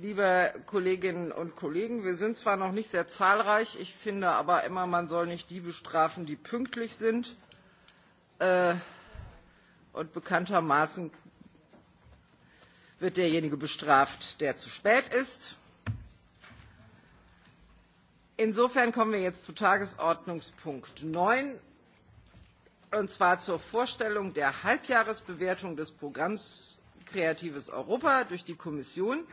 liebe Kolleginnen und Kollegen, wir sind zwar noch nicht sehr zahlreich, ich finde aber immer, man soll nicht die bestrafen, die pünktlich sind. Äh, und bekanntermaßen wird derjenige bestraft, der zu spät ist. Insofern kommen wir jetzt zu Tagesordnungspunkt 9, und zwar zur Vorstellung der Halbjahresbewertung des Programms Kreatives Europa durch die Kommission.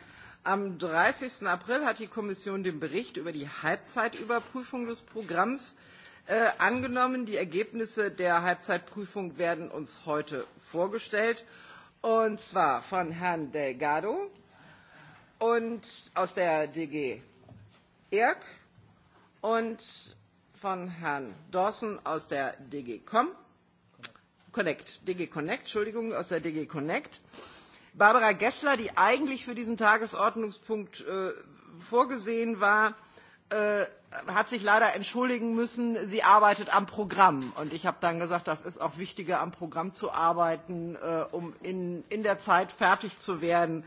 Am 30. April hat die Kommission den Bericht über die Halbzeitüberprüfung des Programms äh, angenommen. Die Ergebnisse der Halbzeitprüfung werden uns heute vorgestellt, und zwar von Herrn Delgado und aus der DG ERG und von Herrn Dawson aus der DG Com Connect, DG Connect, Entschuldigung, aus der DG Connect. Äh, Barbara Gessler, die eigentlich für diesen Tagesordnungspunkt äh, vorgesehen war, äh, hat sich leider entschuldigen müssen, sie arbeitet am Programm. Und ich habe dann gesagt, das ist auch wichtiger, am Programm zu arbeiten, äh, um in, in der Zeit fertig zu werden,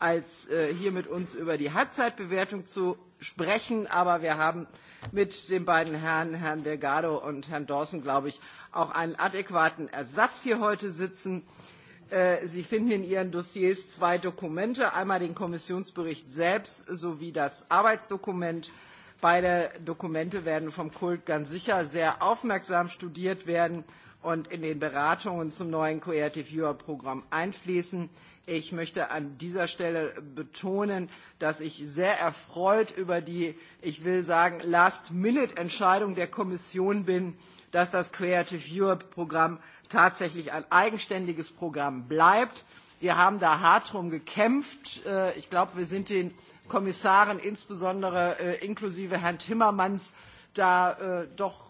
als äh, hier mit uns über die Halbzeitbewertung zu sprechen. Aber wir haben mit den beiden Herren, Herrn Delgado und Herrn Dawson, glaube ich, auch einen adäquaten Ersatz hier heute sitzen. Äh, Äh, Sie finden in Ihren Dossiers zwei Dokumente, einmal den Kommissionsbericht selbst sowie das Arbeitsdokument. Beide Dokumente werden vom Kult ganz sicher sehr aufmerksam studiert werden und in den Beratungen zum neuen Creative Europe Programm einfließen. Ich möchte an dieser Stelle betonen, dass ich sehr erfreut über die, ich will sagen, Last-Minute-Entscheidung der Kommission bin, äh, dass das Creative Europe Programm tatsächlich ein eigenständiges Programm bleibt. Wir haben da hart drum gekämpft. Äh, ich glaube, wir sind den Kommissaren, insbesondere äh, inklusive Herrn Timmermans, da äh, doch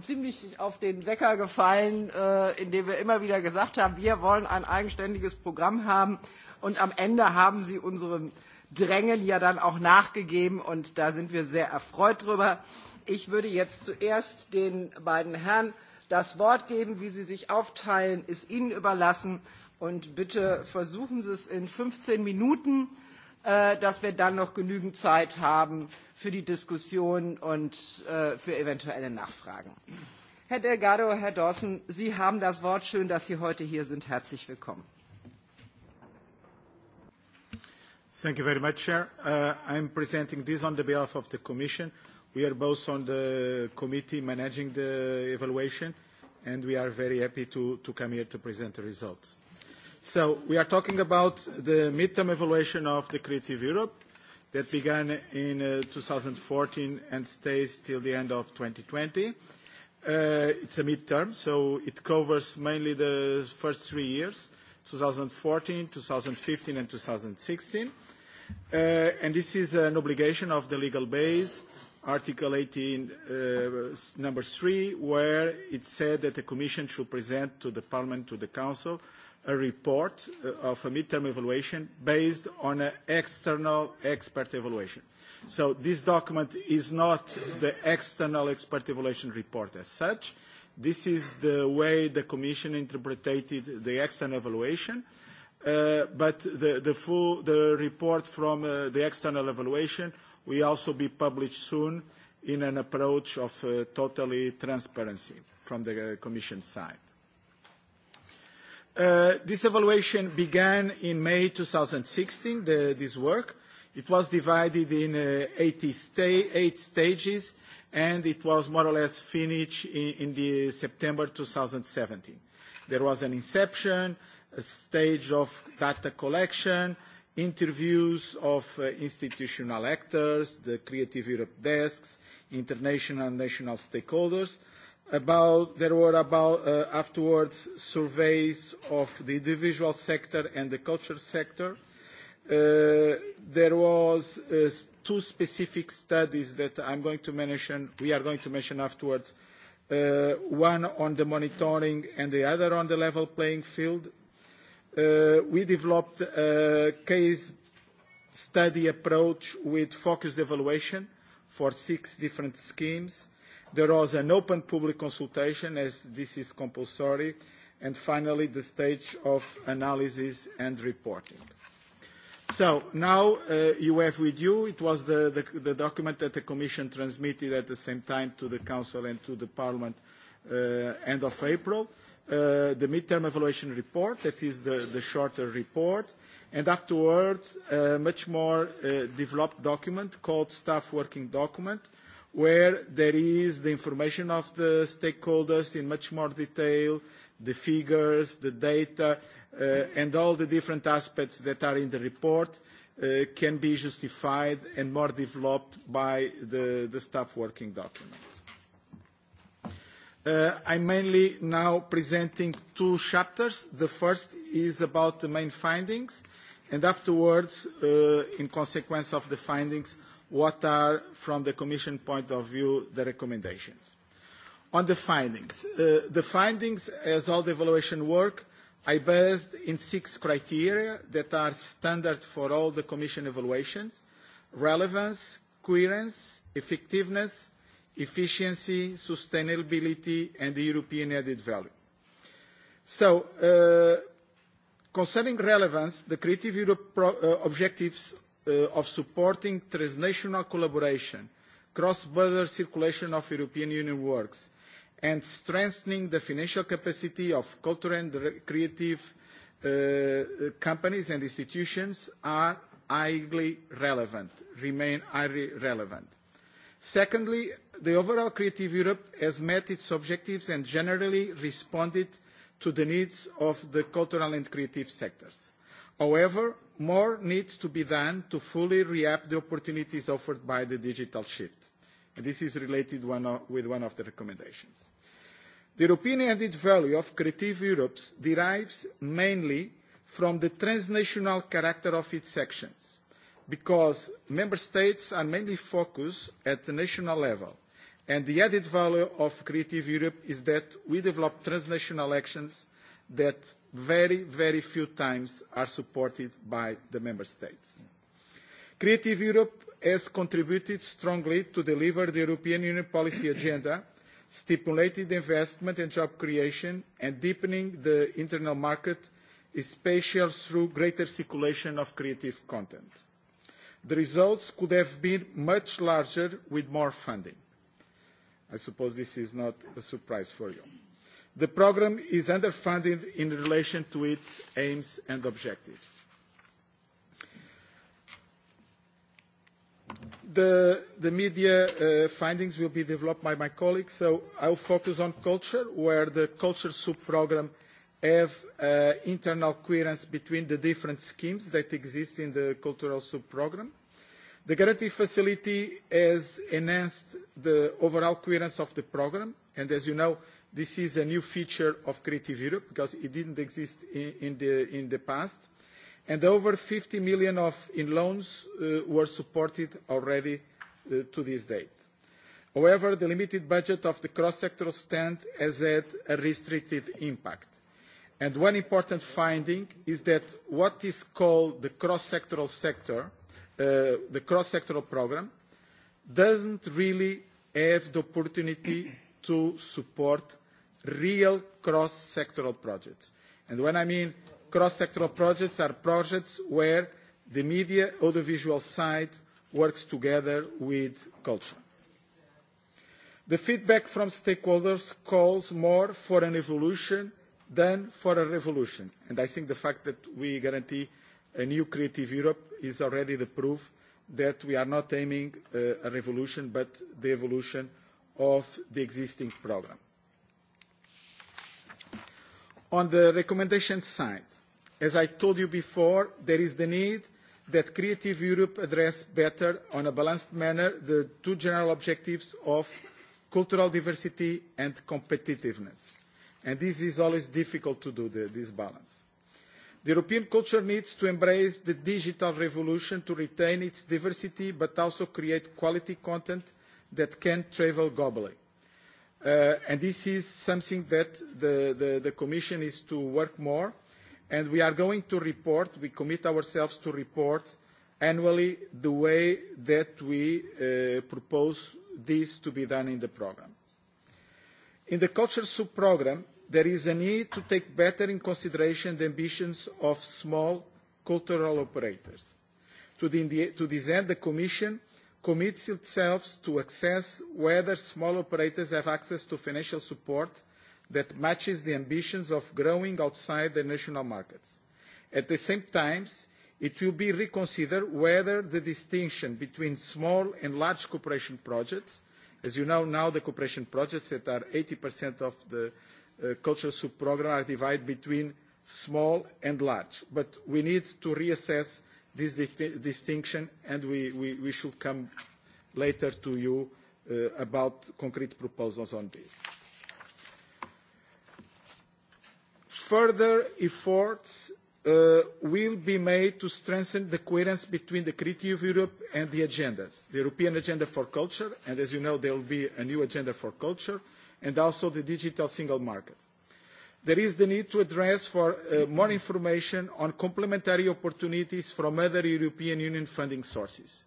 ziemlich auf den Wecker gefallen, indem wir immer wieder gesagt haben, wir wollen ein eigenständiges Programm haben. Und am Ende haben sie unseren Drängen ja dann auch nachgegeben und da sind wir sehr erfreut drüber. Ich würde jetzt zuerst den beiden Herren das Wort geben. Wie Sie sich aufteilen, ist Ihnen überlassen. Und bitte versuchen Sie es in 15 Minuten, äh, dass wir dann noch genügend Zeit haben für die Diskussion und äh, für eventuelle Nachfragen. Herr Delgado, Herr Dawson, Sie haben das Wort. Schön, dass Sie heute hier sind. Herzlich willkommen. Thank you very much, Chair. Uh, I'm presenting this on the behalf of the Commission. We are both on the committee managing the evaluation, and we are very happy to, to come here to present the results. So we are talking about the midterm evaluation of the Creative Europe that began in uh, 2014 and stays till the end of 2020. Uh, it's a midterm, so it covers mainly the first three years, 2014, 2015, and 2016. Uh, and this is an obligation of the legal base, Article 18, uh, number 3, where it said that the Commission should present to the Parliament, to the Council, a report uh, of a midterm evaluation based on an external expert evaluation. So this document is not the external expert evaluation report as such. This is the way the Commission interpreted the external evaluation. Uh, but the, the full the report from uh, the external evaluation will also be published soon in an approach of uh, totally transparency from the uh, Commission side. Uh, this evaluation began in May 2016, the, this work. It was divided in 80 uh, sta eight stages, and it was more or less finished in, the September 2017. There was an inception, a stage of data collection, interviews of uh, institutional actors, the Creative Europe desks, international and national stakeholders. About, there were about uh, afterwards surveys of the individual sector and the culture sector. Uh, there was two specific studies that I'm going to mention, we are going to mention afterwards, uh, one on the monitoring and the other on the level playing field. Uh, we developed a case study approach with focused evaluation for six different schemes. There was an open public consultation, as this is compulsory, and finally, the stage of analysis and reporting. So now uh, you have with you, it was the, the, the document that the Commission transmitted at the same time to the Council and to the Parliament uh, end of April, uh, the midterm evaluation report, that is the, the shorter report, and afterwards a much more uh, developed document called staff working document, where there is the information of the stakeholders in much more detail, the figures, the data, uh, and all the different aspects that are in the report uh, can be justified and more developed by the, the staff working document. Uh, I'm mainly now presenting two chapters. The first is about the main findings, and afterwards, uh, in consequence of the findings, what are, from the Commission point of view, the recommendations. On the findings, uh, the findings, as all the evaluation work, uh, i based in six criteria that are standard for all the Commission evaluations, relevance, coherence, effectiveness, efficiency, sustainability, and the European added value. So, uh, concerning relevance, the Creative Europe pro, uh, objectives uh, of supporting transnational collaboration, cross-border circulation of European Union works, and strengthening the financial capacity of cultural and creative uh, companies and institutions are highly relevant, remain highly relevant. Secondly, the overall Creative Europe has met its objectives and generally responded to the needs of the cultural and creative sectors. However, more needs to be done to fully reap the opportunities offered by the digital shift this is related one of, with one of the recommendations. The European added value of Creative Europe derives mainly from the transnational character of its actions, because member states are mainly focused at the national level, and the added value of Creative Europe is that we develop transnational actions that very, very few times are supported by the member states. Creative Europe has contributed strongly to deliver the European Union policy agenda, stimulating investment and job creation, and deepening the internal market, especially through greater circulation of creative content. The results could have been much larger with more funding. I suppose this is not a surprise for you. The programme is underfunded in relation to its aims and objectives. The, the media uh, findings will be developed by my colleagues, so I'll focus on culture, where the culture sub-program have uh, internal coherence between the different schemes that exist in the cultural sub-program. The guarantee facility has enhanced the overall coherence of the program, and as you know, this is a new feature of Creative Europe because it didn't exist in, in, the, in the past and over 50 million in loans uh, were supported already uh, to this date. However, the limited budget of the cross-sectoral stand has had a restricted impact. And one important finding is that what is called the cross-sectoral sector, uh, the cross-sectoral program, doesn't really have the opportunity to support real cross-sectoral projects. And when I mean Cross-sectoral projects are projects where the media audiovisual side works together with culture. The feedback from stakeholders calls more for an evolution than for a revolution. And I think the fact that we guarantee a new creative Europe is already the proof that we are not aiming uh, a revolution, but the evolution of the existing programme. On the recommendation side, As I told you before, there is the need that Creative Europe address better on a balanced manner the two general objectives of cultural diversity and competitiveness. And this is always difficult to do, the, this balance. The European culture needs to embrace the digital revolution to retain its diversity but also create quality content that can travel globally. Uh, and this is something that the, the, the Commission is to work more and we are going to report, we commit ourselves to report annually the way that we uh, propose this to be done in the programme. In the culture sub-programme, there is a need to take better in consideration the ambitions of small cultural operators. To, the, to this end, the Commission commits itself to assess whether small operators have access to financial support that matches the ambitions of growing outside their national markets. At the same time, it will be reconsidered whether the distinction between small and large cooperation projects, as you know now the cooperation projects that are 80% of the uh, cultural sub-program are divided between small and large. But we need to reassess this di distinction and we, we, we should come later to you uh, about concrete proposals on this. Further efforts uh, will be made to strengthen the coherence between the Creative Europe and the agendas, the European Agenda for Culture, and as you know, there will be a new Agenda for Culture, and also the Digital Single Market. There is the need to address for uh, more information on complementary opportunities from other European Union funding sources.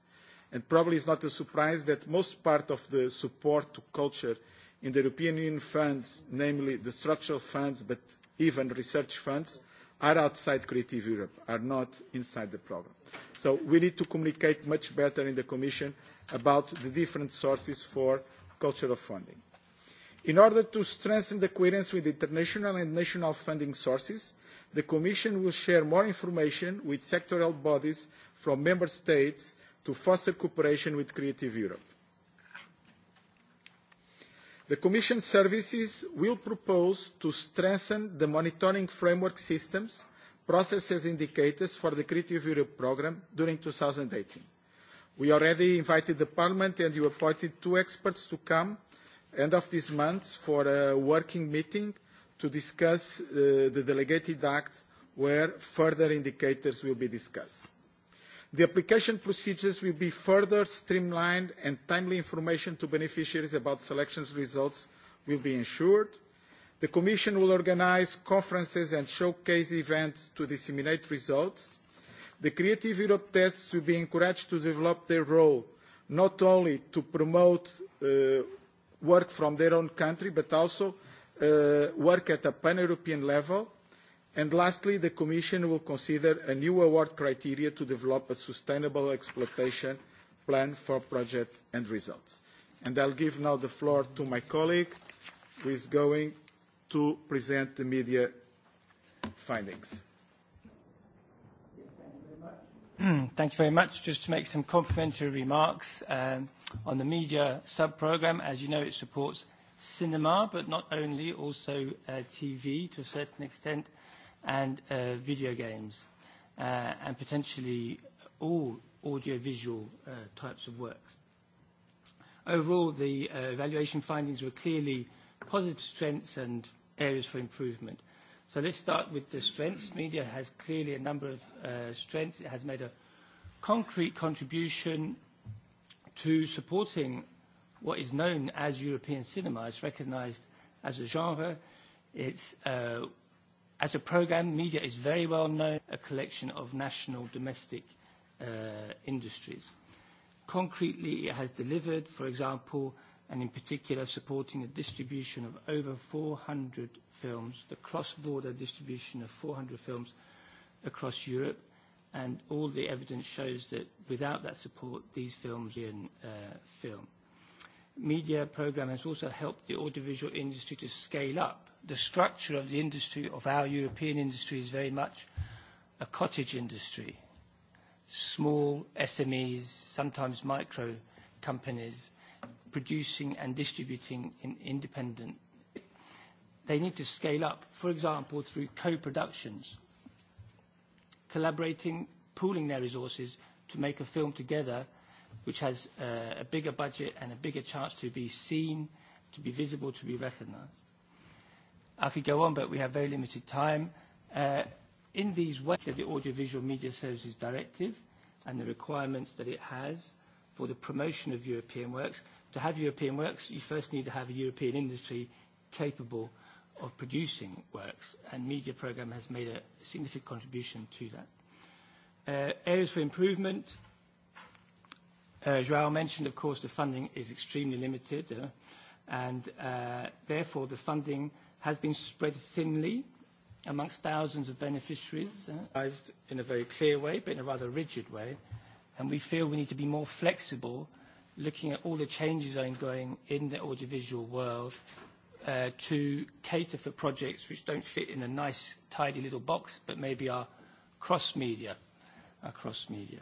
And probably it's not a surprise that most part of the support to culture in the European Union funds, namely the structural funds, but even research funds, are outside Creative Europe, are not inside the programme. So we need to communicate much better in the Commission about the different sources for cultural funding. In order to strengthen the coherence with international and national funding sources, the Commission will share more information with sectoral bodies from Member States to foster cooperation with Creative Europe. The Commission services will propose to strengthen the monitoring framework systems, processes indicators for the Creative Europe programme during 2018. We already invited the Parliament and you appointed two experts to come end of this month for a working meeting to discuss uh, the delegated act where further indicators will be discussed. The application procedures will be further streamlined and timely information to beneficiaries about selection results will be ensured. The Commission will organise conferences and showcase events to disseminate results. The Creative Europe tests will be encouraged to develop their role not only to promote uh, work from their own country but also uh, work at a pan-European level And lastly, the Commission will consider a new award criteria to develop a sustainable exploitation plan for project and results. And I'll give now the floor to my colleague, who is going to present the media findings. Thank you very much. Just to make some complimentary remarks um, on the media sub-program. As you know, it supports cinema, but not only, also uh, TV to a certain extent, and uh, video games, uh, and potentially all audiovisual uh, types of works. Overall, the uh, evaluation findings were clearly positive strengths and areas for improvement. So let's start with the strengths. Media has clearly a number of uh, strengths. It has made a concrete contribution to supporting what is known as European cinema. It's recognized as a genre. It's uh, As a programme, media is very well known, a collection of national domestic uh, industries. Concretely, it has delivered, for example, and in particular supporting the distribution of over 400 films, the cross-border distribution of 400 films across Europe, and all the evidence shows that without that support, these films in uh, film. Media programme has also helped the audiovisual industry to scale up the structure of the industry, of our European industry, is very much a cottage industry. Small SMEs, sometimes micro companies, producing and distributing in independent. They need to scale up, for example, through co-productions, collaborating, pooling their resources to make a film together which has uh, a bigger budget and a bigger chance to be seen, to be visible, to be recognized. I could go on, but we have very limited time. Uh, in these ways the Audiovisual Media Services Directive and the requirements that it has for the promotion of European works, to have European works, you first need to have a European industry capable of producing works, and Media Programme has made a significant contribution to that. Uh, areas for improvement. Uh, João mentioned, of course, the funding is extremely limited, and therefore the funding – has been spread thinly amongst thousands of beneficiaries uh, in a very clear way, but in a rather rigid way. And we feel we need to be more flexible, looking at all the changes ongoing in the audiovisual world uh, to cater for projects which don't fit in a nice, tidy little box, but maybe are cross-media. Are cross-media.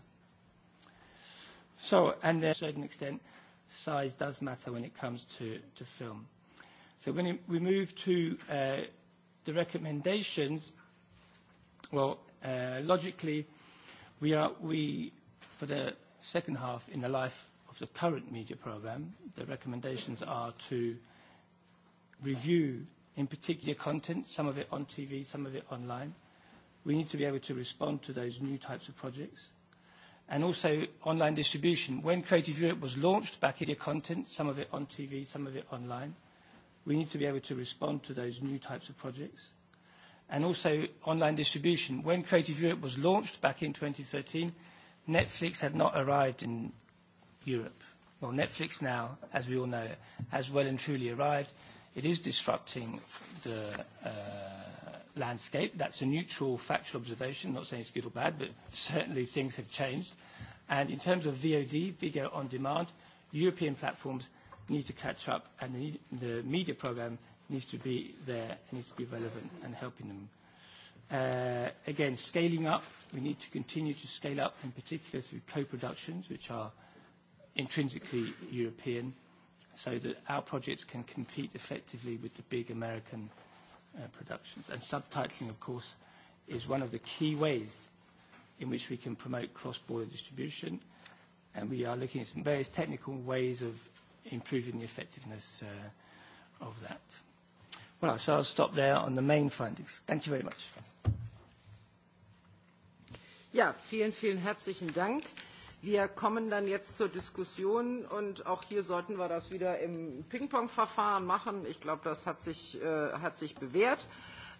So, and to a certain extent, size does matter when it comes to, to film. So when we move to uh, the recommendations, well, uh, logically, we are, we, for the second half in the life of the current media program, the recommendations are to review, in particular, content, some of it on TV, some of it online. We need to be able to respond to those new types of projects and also online distribution. When Creative Europe was launched back in your content, some of it on TV, some of it online, We need to be able to respond to those new types of projects. And also online distribution. When Creative Europe was launched back in 2013, Netflix had not arrived in Europe. Well, Netflix now, as we all know, has well and truly arrived. It is disrupting the uh, landscape. That's a neutral, factual observation. Not saying it's good or bad, but certainly things have changed. And in terms of VOD, video on demand, European platforms need to catch up and the, media program needs to be there, needs to be relevant and helping them. Uh, again, scaling up, we need to continue to scale up, in particular through co-productions, which are intrinsically European, so that our projects can compete effectively with the big American uh, productions. And subtitling, of course, is one of the key ways in which we can promote cross-border distribution, and we are looking at some various technical ways of improving the effectiveness uh, of that. Well, so I'll stop there on the main findings. Thank you very much. Ja, vielen, vielen herzlichen Dank. Wir kommen dann jetzt zur Diskussion und auch hier sollten wir das wieder im Ping-Pong-Verfahren machen. Ich glaube, das hat sich, äh, hat sich bewährt.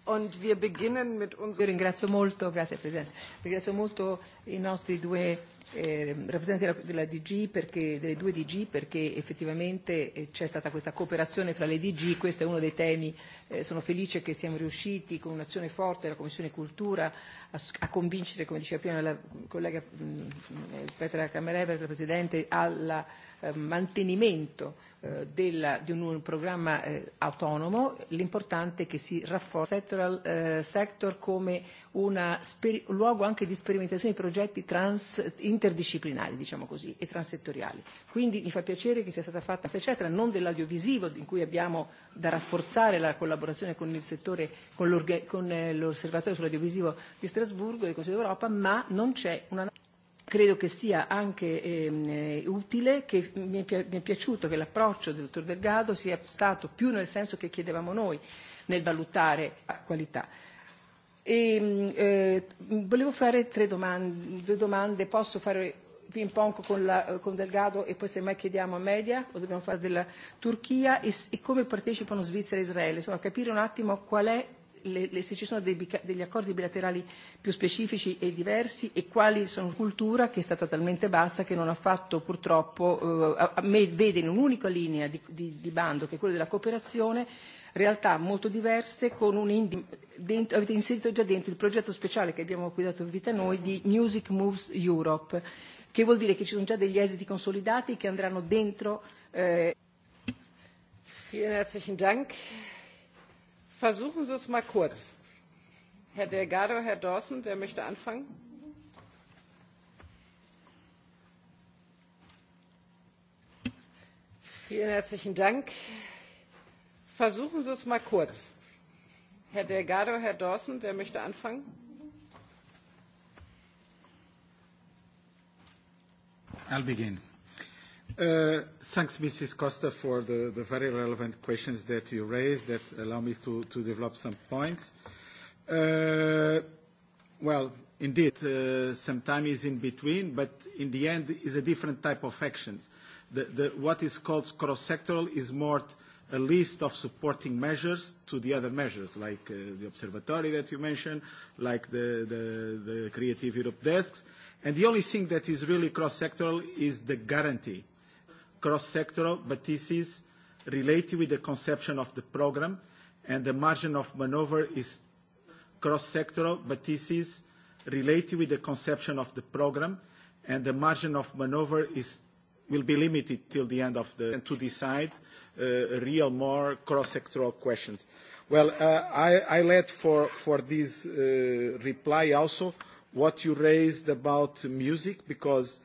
Und wir beginnen mit unserem... Io ringrazio molto, grazie Presidente, ringrazio molto i nostri due eh, rappresentante della, della DG perché, delle due DG perché effettivamente eh, c'è stata questa cooperazione fra le DG, questo è uno dei temi, eh, sono felice che siamo riusciti con un'azione forte della Commissione Cultura a, a convincere, come diceva prima la collega mh, mm, eh, Petra Camerever, la Presidente, alla Eh, mantenimento eh, della, di un, un programma eh, autonomo, l'importante è che si rafforzi il sector, eh, sector come un luogo anche di sperimentazione di progetti trans, interdisciplinari, diciamo così, e transettoriali. Quindi mi fa piacere che sia stata fatta, eccetera, non dell'audiovisivo in cui abbiamo da rafforzare la collaborazione con il settore, con, eh, l'osservatorio sull'audiovisivo di Strasburgo e del Consiglio d'Europa, ma non c'è una credo che sia anche ehm, eh, utile, che mi è, mi è piaciuto che l'approccio del dottor Delgado sia stato più nel senso che chiedevamo noi nel valutare la qualità. E, eh, volevo fare tre domande, due domande, posso fare ping pong con, la, con Delgado e poi se mai chiediamo a media o dobbiamo fare della Turchia e, e come partecipano Svizzera e Israele, insomma capire un attimo qual è le, le, se ci sono dei, degli accordi bilaterali più specifici e diversi e quali sono cultura che è stata talmente bassa che non ha fatto purtroppo, eh, a me vede in un'unica linea di, di, di bando che è quella della cooperazione realtà molto diverse con un indi- dentro, avete inserito già dentro il progetto speciale che abbiamo guidato in vita noi di Music Moves Europe che vuol dire che ci sono già degli esiti consolidati che andranno dentro eh, Vielen herzlichen Dank. Versuchen Sie es mal kurz. Herr Delgado, Herr Dawson, wer möchte anfangen? Vielen herzlichen Dank. Versuchen Sie es mal kurz. Herr Delgado, Herr Dawson, wer möchte anfangen? I'll begin. Uh, thanks, Mrs. Costa, for the, very relevant questions that you raised that allow me to, develop some points. Uh, well, indeed, uh, some time is in between, but in the end it's a different type of actions. The, what is called cross-sectoral is more a list of supporting measures to the other measures, like the observatory that you mentioned, like the, the Creative Europe desks. And the only thing that is really cross-sectoral is the guarantee cross-sectoral, but this is related with the conception of the program, and the margin of maneuver is cross-sectoral, but this is related with the conception of the program, and the margin of maneuver is will be limited till the end of the and to decide uh, real more cross-sectoral questions. Well, uh, I, let for, for this uh, reply also what you raised about music because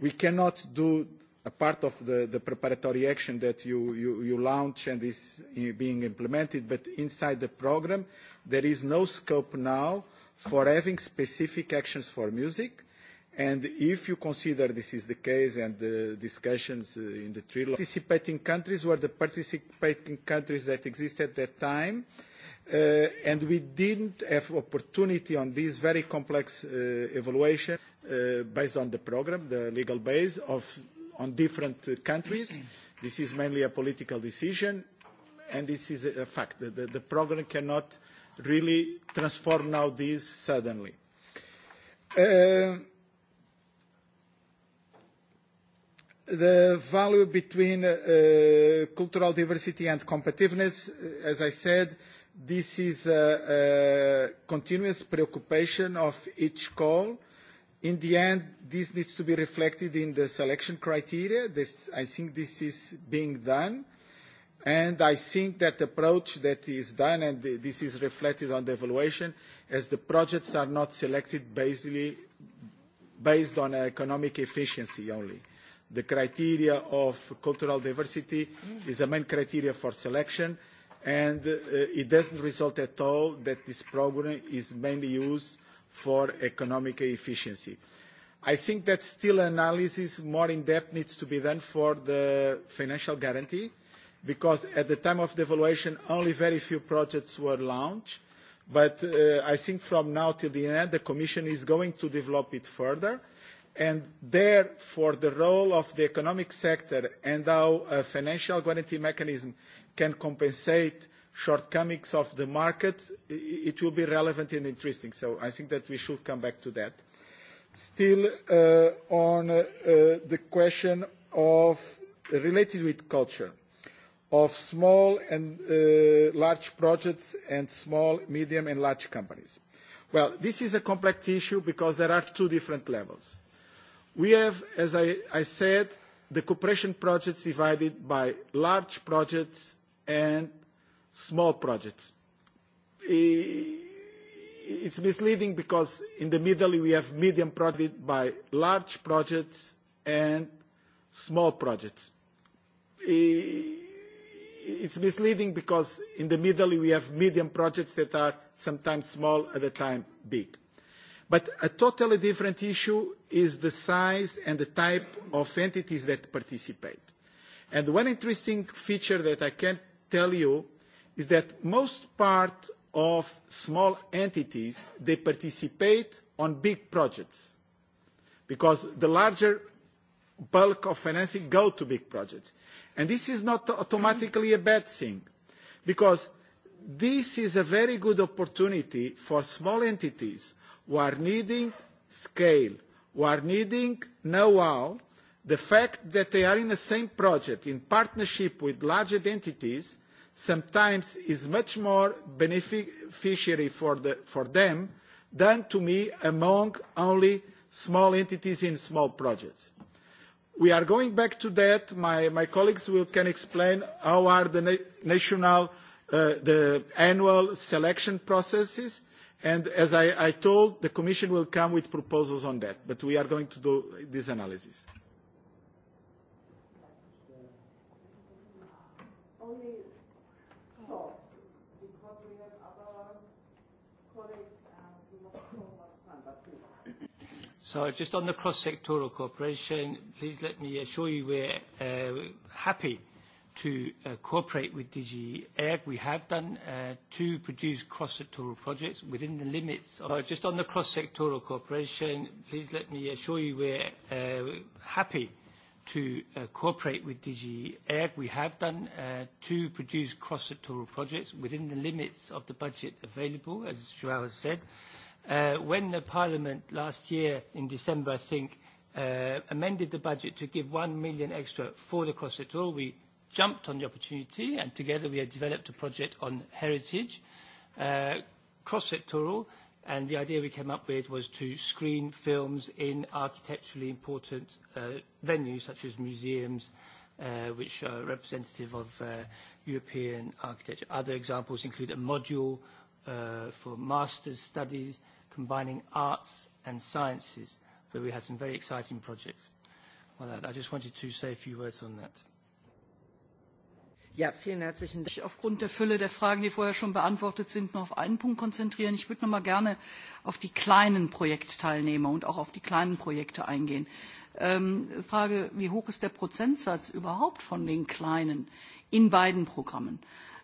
we cannot do a part of the, the preparatory action that you, you, you launch and is being implemented, but inside the program, there is no scope now for having specific actions for music. And if you consider this is the case and the discussions uh, in the trilogue, participating countries were the participating countries that existed at that time, uh, and we didn't have opportunity on this very complex uh, evaluation uh, based on the program, the legal base of on different countries. This is mainly a political decision, and this is a fact. The, the, the program cannot really transform now this suddenly. Uh, the value between uh, cultural diversity and competitiveness, uh, as I said, this is a, a continuous preoccupation of each call in the end, this needs to be reflected in the selection criteria. This, I think this is being done. And I think that the approach that is done, and this is reflected on the evaluation, as the projects are not selected basically based on economic efficiency only. The criteria of cultural diversity is a main criteria for selection, and uh, it doesn't result at all that this program is mainly used for economic efficiency. I think that still analysis more in depth needs to be done for the financial guarantee, because at the time of the evaluation, only very few projects were launched. But uh, I think from now till the end, the Commission is going to develop it further. And therefore, the role of the economic sector and how a financial guarantee mechanism can compensate shortcomings of the market, it will be relevant and interesting. So I think that we should come back to that. Still, uh, on uh, the question of related with culture, of small and uh, large projects and small, medium, and large companies. Well, this is a complex issue because there are two different levels. We have, as I, I said, the cooperation projects divided by large projects and small projects. It's misleading because in the middle we have medium projects by large projects and small projects. It's misleading because in the middle we have medium projects that are sometimes small, at a time big. But a totally different issue is the size and the type of entities that participate. And one interesting feature that I can tell you is that most part of small entities, they participate on big projects because the larger bulk of financing go to big projects. And this is not automatically a bad thing because this is a very good opportunity for small entities who are needing scale, who are needing know-how. The fact that they are in the same project in partnership with larger entities sometimes is much more beneficiary for, the, for them than to me among only small entities in small projects. We are going back to that. My, my colleagues will, can explain how are the na national, uh, the annual selection processes. And as I, I told, the Commission will come with proposals on that. But we are going to do this analysis. So just on the cross-sectoral cooperation, please let me assure you we're uh, happy to uh, cooperate with DG ERG. We have done uh, to produce cross-sectoral projects within the limits. Of, uh, just on the cross-sectoral cooperation, please let me assure you we're uh, happy to uh, cooperate with DG ERG. We have done uh, to produce cross-sectoral projects within the limits of the budget available, as João has said. Uh, when the Parliament last year in December, I think, uh, amended the budget to give 1 million extra for the cross-sectoral, we jumped on the opportunity and together we had developed a project on heritage, cross-sectoral, And the idea we came up with was to screen films in architecturally important uh, venues such as museums, uh, which are representative of uh, European architecture. Other examples include a module uh, for master's studies combining arts and sciences, where we had some very exciting projects. Well, I just wanted to say a few words on that. Ja, vielen herzlichen Dank. Aufgrund der Fülle der Fragen, die vorher schon beantwortet sind, nur auf einen Punkt konzentrieren. Ich würde noch mal gerne auf die kleinen Projektteilnehmer und auch auf die kleinen Projekte eingehen. Ähm, frage, wie hoch ist der Prozentsatz überhaupt von den kleinen in beiden Programmen?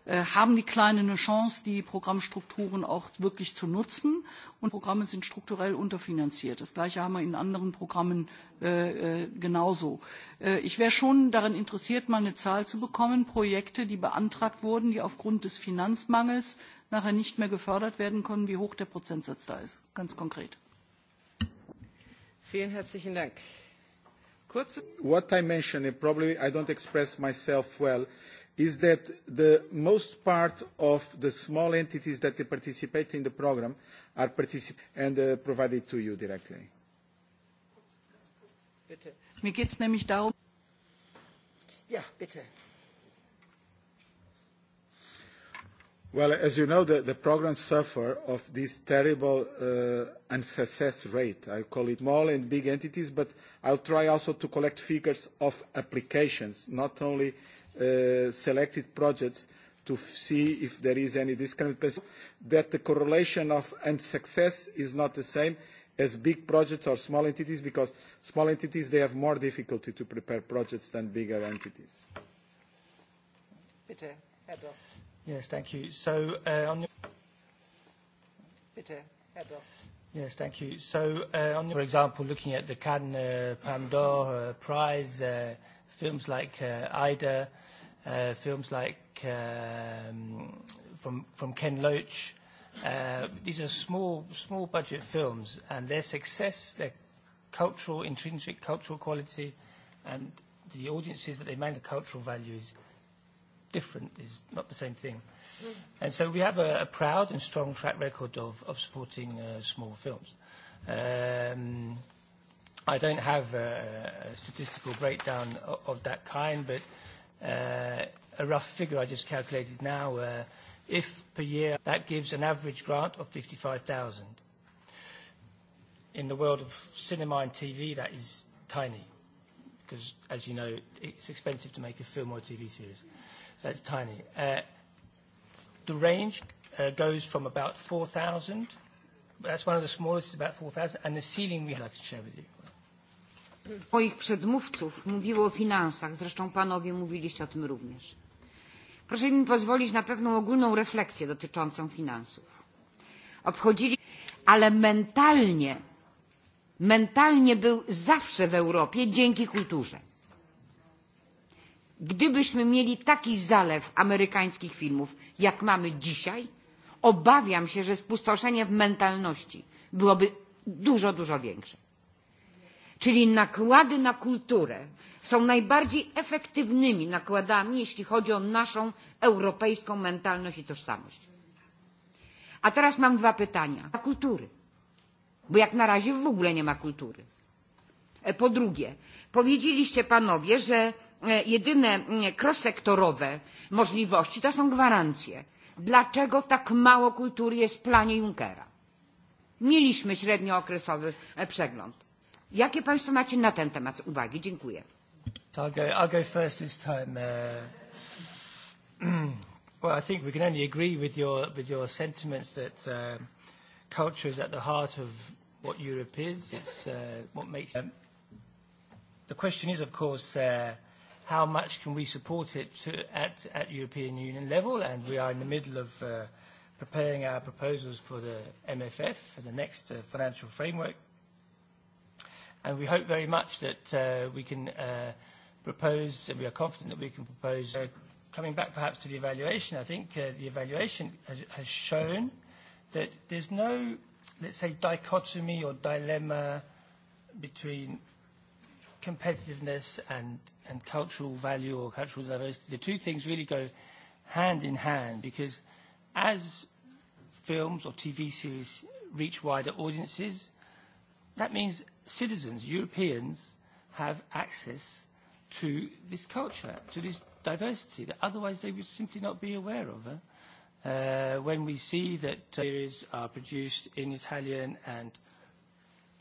Äh, haben die Kleinen eine Chance, die Programmstrukturen auch wirklich zu nutzen. Und Programme sind strukturell unterfinanziert. Das Gleiche haben wir in anderen Programmen äh, äh, genauso. Äh, ich wäre schon daran interessiert, mal eine Zahl zu bekommen, Projekte, die beantragt wurden, die aufgrund des Finanzmangels nachher nicht mehr gefördert werden können, wie hoch der Prozentsatz da ist, ganz konkret. Vielen herzlichen Dank. Kurz. What I mentioned, and probably I don't express myself well, is that the most part of the small entities that participate in the program are particip and uh, provided to you directly. Bitte. Mir geht nämlich darum. Ja, bitte. Well, as you know, the, the program suffer of this terrible uh, unsuccess rate. I call it small and big entities, but I'll try also to collect figures of applications, not only Uh, selected projects to see if there is any discrepancy, that the correlation of success is not the same as big projects or small entities, because small entities, they have more difficulty to prepare projects than bigger entities. Bitte, Herr Dost. Yes, thank you. So, uh, on Bitte, Herr Dost. Yes, thank you. So, uh, on for example, looking at the Cannes uh, Palme d'Or uh, prize, uh, films like uh, Ida, uh, films like um, from, from Ken Loach. Uh, these are small, small budget films, and their success, their cultural, intrinsic cultural quality, and the audiences that they made, the cultural value is different, is not the same thing. And so we have a, a proud and strong track record of, of supporting uh, small films. Um, I don't have a, a statistical breakdown of, of that kind, but Uh, a rough figure I just calculated now, uh, if per year, that gives an average grant of 55,000. In the world of cinema and TV, that is tiny, 'cause as you know, it's expensive to make a film or a TV series. that's tiny. Uh, the range goes from about 4,000, that's one of the smallest, it's about 4,000, and the ceiling we have, to share with you, moich przedmówców mówiło o finansach, zresztą panowie mówiliście o tym również. Proszę mi pozwolić na pewną ogólną refleksję dotyczącą finansów. Obchodzili, ale mentalnie, mentalnie był zawsze w Europie dzięki kulturze. Gdybyśmy mieli taki zalew amerykańskich filmów, jak mamy dzisiaj, obawiam się, że spustoszenie w mentalności byłoby dużo, dużo większe czyli nakłady na kulturę są najbardziej efektywnymi nakładami jeśli chodzi o naszą europejską mentalność i tożsamość. a teraz mam dwa pytania kultury bo jak na razie w ogóle nie ma kultury. E, po drugie powiedzieliście panowie że e, jedyne krosektorowe mm, możliwości to są gwarancje. dlaczego tak mało kultury jest w planie junckera? mieliśmy średniookresowy e, przegląd Jakie Państwo macie na ten temat uwagi? Dziękuję. I'll go, I'll go first this time. Uh, well, I think we can only agree with your, with your sentiments that uh, culture is at the heart of what Europe is. It's uh, what makes. Um, the question is, of course, uh, how much can we support it to, at, at European Union level? And we are in the middle of uh, preparing our proposals for the MFF, for the next uh, financial framework And we hope very much that uh, we can uh, propose, and we are confident that we can propose, uh, coming back perhaps to the evaluation, I think uh, the evaluation has, has shown that there's no, let's say, dichotomy or dilemma between competitiveness and, and cultural value or cultural diversity. The two things really go hand in hand because as films or TV series reach wider audiences, that means citizens, Europeans, have access to this culture, to this diversity that otherwise they would simply not be aware of. Eh? Uh, when we see that uh, series are produced in Italian and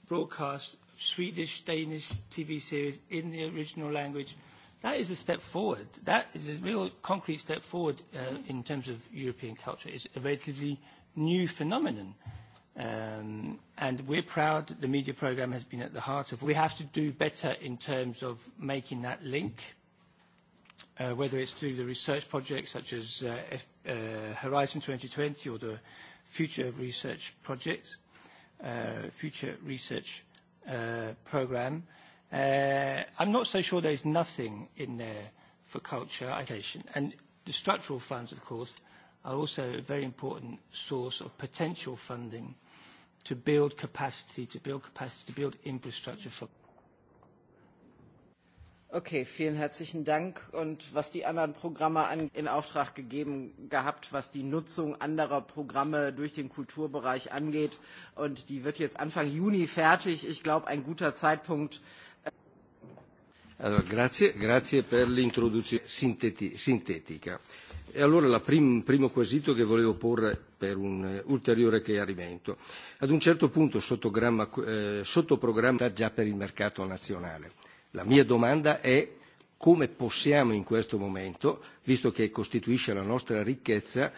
broadcast Swedish, Danish TV series in the original language, that is a step forward. That is a real concrete step forward uh, in terms of European culture. It's a relatively new phenomenon. Um, and we're proud that the media program has been at the heart of. We have to do better in terms of making that link, uh, whether it's through the research projects such as uh, F, uh, Horizon 2020 or the Future of Research project, uh, Future Research uh, program. Uh, I'm not so sure there's nothing in there for culture, education. And the structural funds, of course, are also a very important source of potential funding to build capacity, to build capacity, to build infrastructure for Okay, vielen herzlichen Dank. Und was die anderen Programme an, in Auftrag gegeben gehabt, was die Nutzung anderer Programme durch den Kulturbereich angeht. Und die wird jetzt Anfang Juni fertig. Ich glaube, ein guter Zeitpunkt. Also, grazie, grazie per l'introduzione sintetica. E allora il prim, primo quesito che volevo porre per un uh, ulteriore chiarimento. Ad un certo punto sotto, gramma, uh, eh, sotto programma già per il mercato nazionale. La mia domanda è come possiamo in questo momento, visto che costituisce la nostra ricchezza,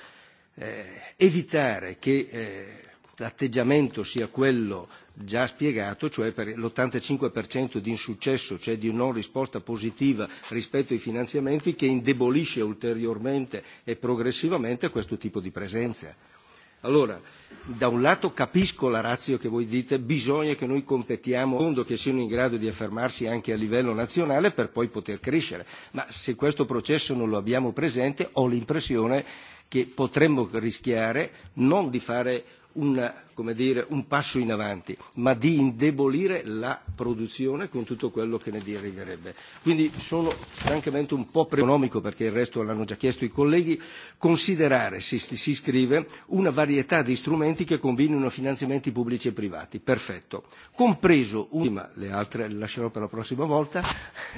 eh, evitare che eh, l'atteggiamento sia quello già spiegato, cioè per l'85% di insuccesso, cioè di non risposta positiva rispetto ai finanziamenti, che indebolisce ulteriormente e progressivamente questo tipo di presenza. Allora, da un lato capisco la razza che voi dite, bisogna che noi competiamo, fondo che siano in grado di affermarsi anche a livello nazionale per poi poter crescere, ma se questo processo non lo abbiamo presente ho l'impressione che potremmo rischiare non di fare un, come dire, un passo in avanti, ma di indebolire la produzione con tutto quello che ne deriverebbe. Quindi sono francamente un po' preconomico, perché il resto l'hanno già chiesto i colleghi, considerare, si, si scrive, una varietà di strumenti che combinino finanziamenti pubblici e privati. Perfetto. Compreso un... le altre le lascerò per la prossima volta,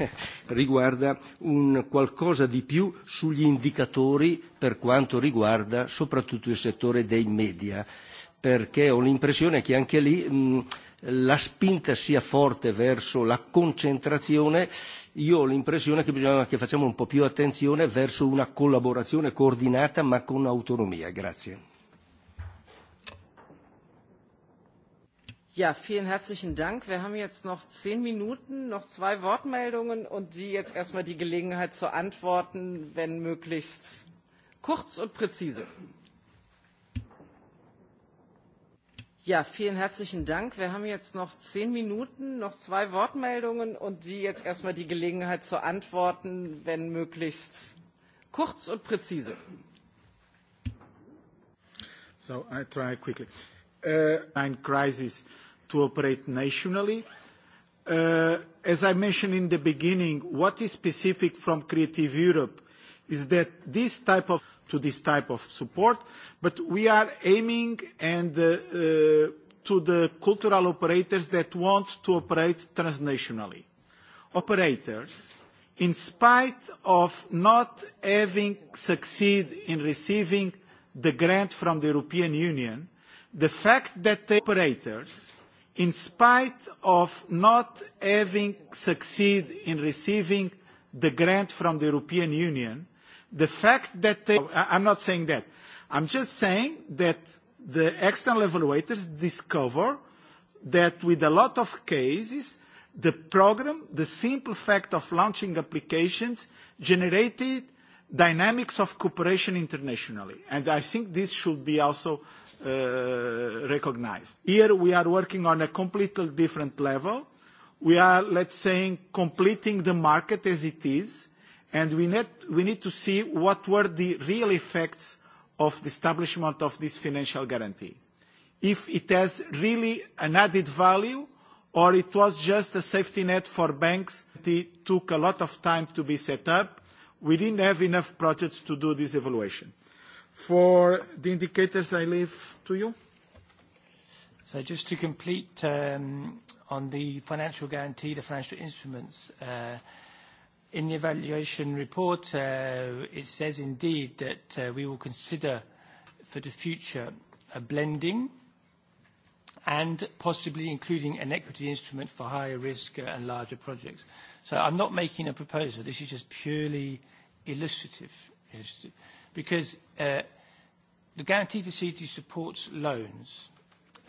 riguarda un qualcosa di più sugli indicatori per quanto riguarda soprattutto il settore dei media perché ho l'impressione che anche lì mh, la spinta sia forte verso la concentrazione, io ho l'impressione che bisogna che facciamo un po' più attenzione verso una collaborazione coordinata ma con autonomia. Grazie. Ja, vielen herzlichen Dank. Wir haben jetzt noch zehn Minuten, noch zwei Wortmeldungen und Sie jetzt erstmal die Gelegenheit zu antworten, wenn möglichst kurz und präzise. Ja, vielen herzlichen Dank. Wir haben jetzt noch zehn Minuten, noch zwei Wortmeldungen und die jetzt erstmal die Gelegenheit zu antworten, wenn möglichst kurz und präzise. So I try quickly. Uh, ein crisis to operate nationally. Uh, as I mentioned in the beginning, what is specific from Creative Europe is that this type of to this type of support, but we are aiming and uh, uh, to the cultural operators that want to operate transnationally. Operators, in spite of not having succeeded in receiving the grant from the European Union, the fact that the operators, in spite of not having succeeded in receiving the grant from the European Union, the fact that they, I'm not saying that. I'm just saying that the external evaluators discover that with a lot of cases, the program, the simple fact of launching applications generated dynamics of cooperation internationally. And I think this should be also uh, recognized. Here we are working on a completely different level. We are, let's say, completing the market as it is and we need, we need to see what were the real effects of the establishment of this financial guarantee. If it has really an added value or it was just a safety net for banks. It took a lot of time to be set up. We didn't have enough projects to do this evaluation. For the indicators, I leave to you. So just to complete um, on the financial guarantee, the financial instruments, uh, In the evaluation report, uh, it says indeed that uh, we will consider for the future a blending and possibly including an equity instrument for higher risk uh, and larger projects. So I'm not making a proposal. This is just purely illustrative. Because the guarantee facility supports loans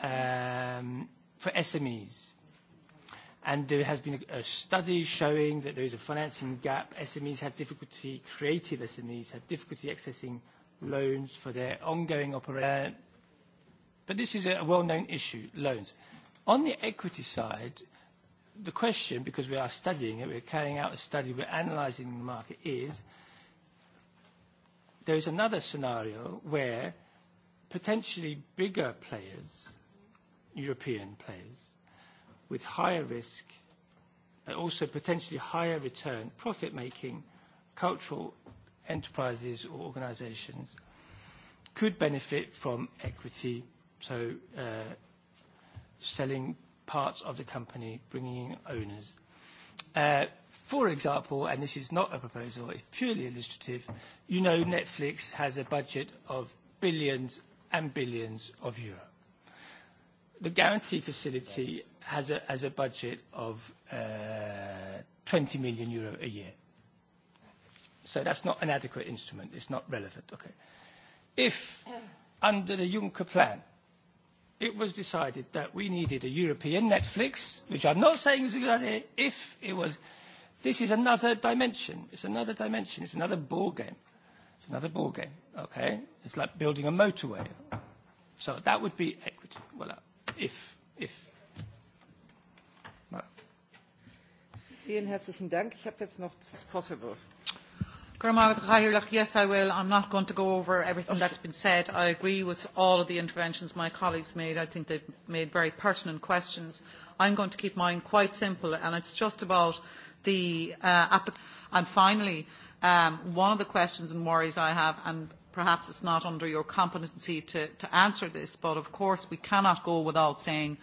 um, for SMEs And there has been a study showing that there is a financing gap. SMEs have difficulty, creative SMEs have difficulty accessing loans for their ongoing operations. Uh, but this is a well-known issue, loans. On the equity side, the question, because we are studying it, we're carrying out a study, we're analyzing the market, is there is another scenario where potentially bigger players, European players, with higher risk and also potentially higher return profit-making cultural enterprises or organizations could benefit from equity, so uh, selling parts of the company, bringing in owners. Uh, for example, and this is not a proposal, it's purely illustrative, you know Netflix has a budget of billions and billions of euros the guarantee facility has a, has a budget of uh, 20 million euro a year. So that's not an adequate instrument. It's not relevant. Okay. If under the Juncker plan, it was decided that we needed a European Netflix, which I'm not saying is a good idea, if it was, this is another dimension. It's another dimension. It's another ball game. It's another ball game. Okay. It's like building a motorway. So that would be equity. Well, if, if. Vielen herzlichen Dank. Ich habe jetzt noch possible. Yes, I will. I'm not going to go over everything that's been said. I agree with all of the interventions my colleagues made. I think they've made very pertinent questions. I'm going to keep mine quite simple, and it's just about the uh, And finally, um, one of the questions and worries I have, and perhaps it's not under your competency to, to answer this, but of course we cannot go without saying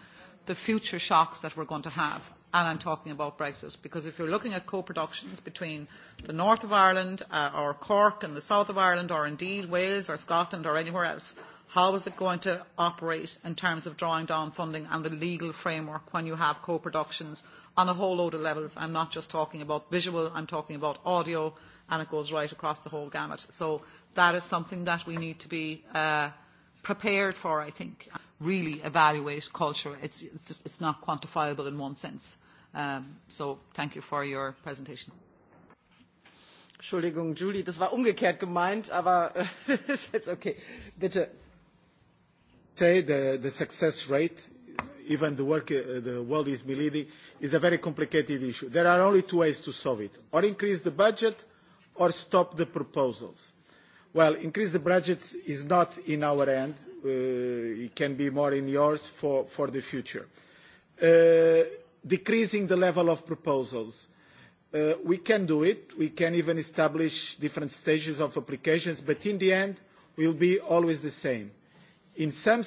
the future shocks that we're going to have. And I'm talking about Brexit, because if you're looking at co-productions between the north of Ireland uh, or Cork and the south of Ireland or indeed Wales or Scotland or anywhere else, how is it going to operate in terms of drawing down funding and the legal framework when you have co-productions on a whole load of levels? I'm not just talking about visual, I'm talking about audio, and it goes right across the whole gamut. So that is something that we need to be uh, prepared for, I think. Really evaluate culture. It's, it's, just, it's not quantifiable in one sense. Um, so thank you for your presentation. Entschuldigung, Julie, das war umgekehrt gemeint, aber äh, ist jetzt okay. Bitte. Say the, the success rate, even the, work, uh, the world is believing, is a very complicated issue. There are only two ways to solve it. Or increase the budget or stop the proposals? Well, increase the budgets is not in our end. Uh, it can be more in yours for, for the future. Uh, decreasing the level of proposals. Uh, we can do it. We can even establish different stages of applications, but in the end, will be always the same. In some